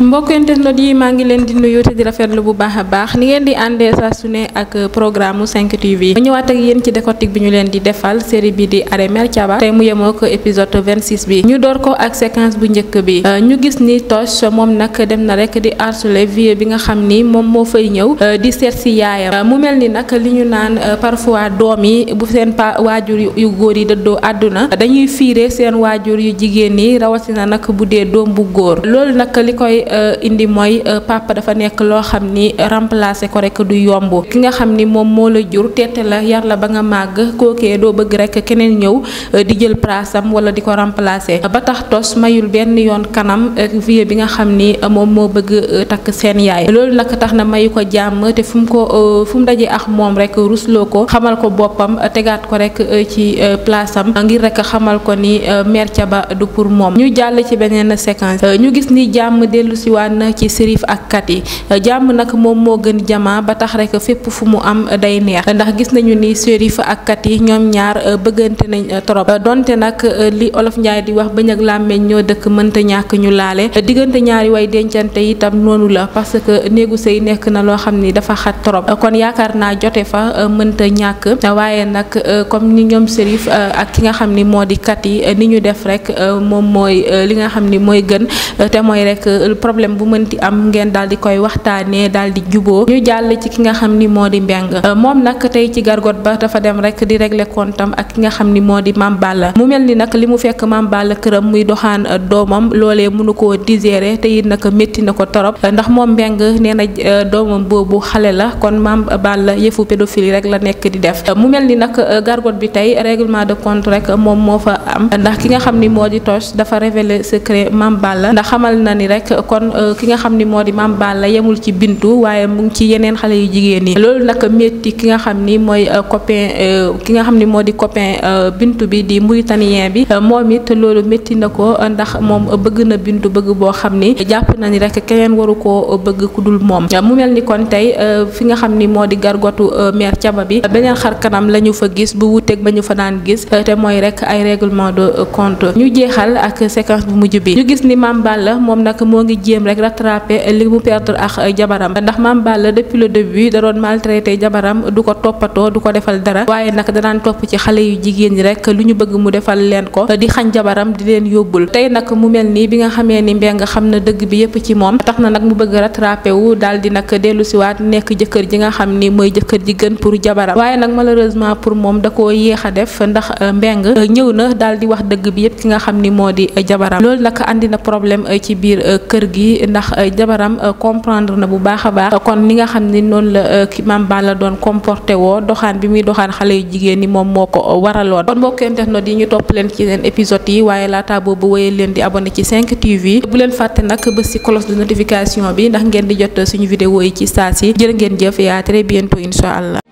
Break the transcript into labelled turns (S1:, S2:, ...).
S1: mbokk internet yi maa ngi leen di nuyu te di rafetlu bu baax a baax ni ngeen di àndee saa su ne ak programme 5 TV ma ñëwaat ak yéen ci décortique bi ñu leen di defal série bi di Arrêt Mère Thiaba tey mu yemoo ko épisode 26 bi ñu door ko ak séquence bu njëkk bi euh, ñu gis ni Toch moom nag dem na rekk di harceler vieux bi nga xam ni moom moo fay ñëw euh, di seet si yaayam euh, mu mel ni nag li ñu naan parfois doom yi bu seen pa waajur yu góor yi dëddoo àdduna dañuy fiire seen waajur yu jigéen yi rawatina nag bu dee doom bu góor Euh, indi mooy euh, papa dafa nekk loo xam ni remplacer ko rek du yomb ki nga xam ni moom moo la jur teete la yar la ba nga màgg kookee doo bëgg rek keneen ñëw euh, di jël palaasam wala di ko remplacer ba tax toos mayul benn yoon kanam vie bi nga xam ni moom moo bëgg takk seen yaay loolu nag tax na mayu ko jàmm te fu mu ko fu mu dajee ak moom rek rusloo ko xamal ko boppam tegaat ko rek ci palaasam ngir rek xamal ko ni merca ba du pour moom ñu jàll ci beneen dellu si waan ci sirif ak kat yi jàmm nag moom moo gën jama ba tax rek fépp fu mu am day neex ndax gis nañu ni sérif ak kat yi ñoom ñaar euh, bëggante nañ euh, trop donte nag euh, li olof njaay di wax bañ ak ñoo dëkk mënta ñàkk ñu laale diggante ñaari way dencante itam noonu la parce que néegu sëy nekk na loo xam ni dafa xat trop kon yaakaar naa jote fa mënta ñàkk waaye nag comme ni ñoom sérif ak ki nga xam ni moo di kat yi ni ñu def rek moom mooy li nga xam ni mooy gën te mooy rek problème bu mënti am ngeen daal di koy waxtaanee daal di juboo ñu jàll ci ki nga xam ni moo di mbeng euh, moom nag tey ci gargot ba dafa dem rek di régler kontam ak ki nga xam ni moo di Mame Balla mu mel ni nag li mu fekk Mame Balla këram muy doxaan euh, doomam loolee mënu koo digérer te it nag métti na ko torop euh, ndax moom mbeng nee na doomam boobu xale la kon Mame Balla yëfu pédophilie rek la nekk di def mu mel ni nag gargot bi tey règlement de compte rek moom moo fa am ndax ki nga xam moo di Toch dafa révéler secret Mame ndax xamal na ni rek kon euh, ki nga xam ni moo di Mame Balla yemul ci Bintu waaye mu ngi ci yeneen xale yu jigéen ñi loolu nag métti ki nga xam ni mooy euh, copain euh, ki nga xam ni moo di copain Bintu bi di muy mauritanien bi moom it loolu métti na ko ndax moom bëgg na Bintu bëgg boo xam ni jàpp na ni rek keneen waru koo bëgg ku dul moom mu mel ni kon tey fi nga xam ni moo di gargotu mère caba bi beneen xar kanam la ñu fa gis bu wuteeg ba ñu fa daan gis te mooy rek ay règlement de compte ñu jeexal ak séquence bu mujj bi jéem rek rattraper li mu perdre ak euh, jabaram ndax Mame Balla depuis le début da maltraité jabaram du ko toppatoo du ko defal dara waaye nag danaan topp ci xale yu jigéen ñi rek lu ñu bëgg mu defal leen ko di xañ jabaram di leen yóbbul tey nag mu mel nii bi nga xamee ni Mbeng xam na dëgg bi yépp ci moom tax na nag mu bëgg rattrapé wu daal di nak dellu siwaat nekk jëkkër ji nga xam ni mooy jëkkër ji gën pour jabaram waaye nag malheureusement pour moom da koo yéex a def ndax euh, euh, ñëw na daal di wax dëgg bi ki nga xam kër gi ndax euh, jabaram euh, comprendre na bu baax a baax kon ni nga xam ni noon la euh, ki Mame Balla doon comporté woo doxaan bi muy doxaan xale yu jigéen ñi moom moo ko waraloon kon mbokk internet yi ñu topp leen ci leen épisode yi waaye laata boobu wéyal leen di abonné ci 5 TV bu leen fàtte nag bés ci cloche de notification bi ndax ngeen di jot suñu vidéo yi ci saa si jërë ngeen jëf yaa très bientôt incha allah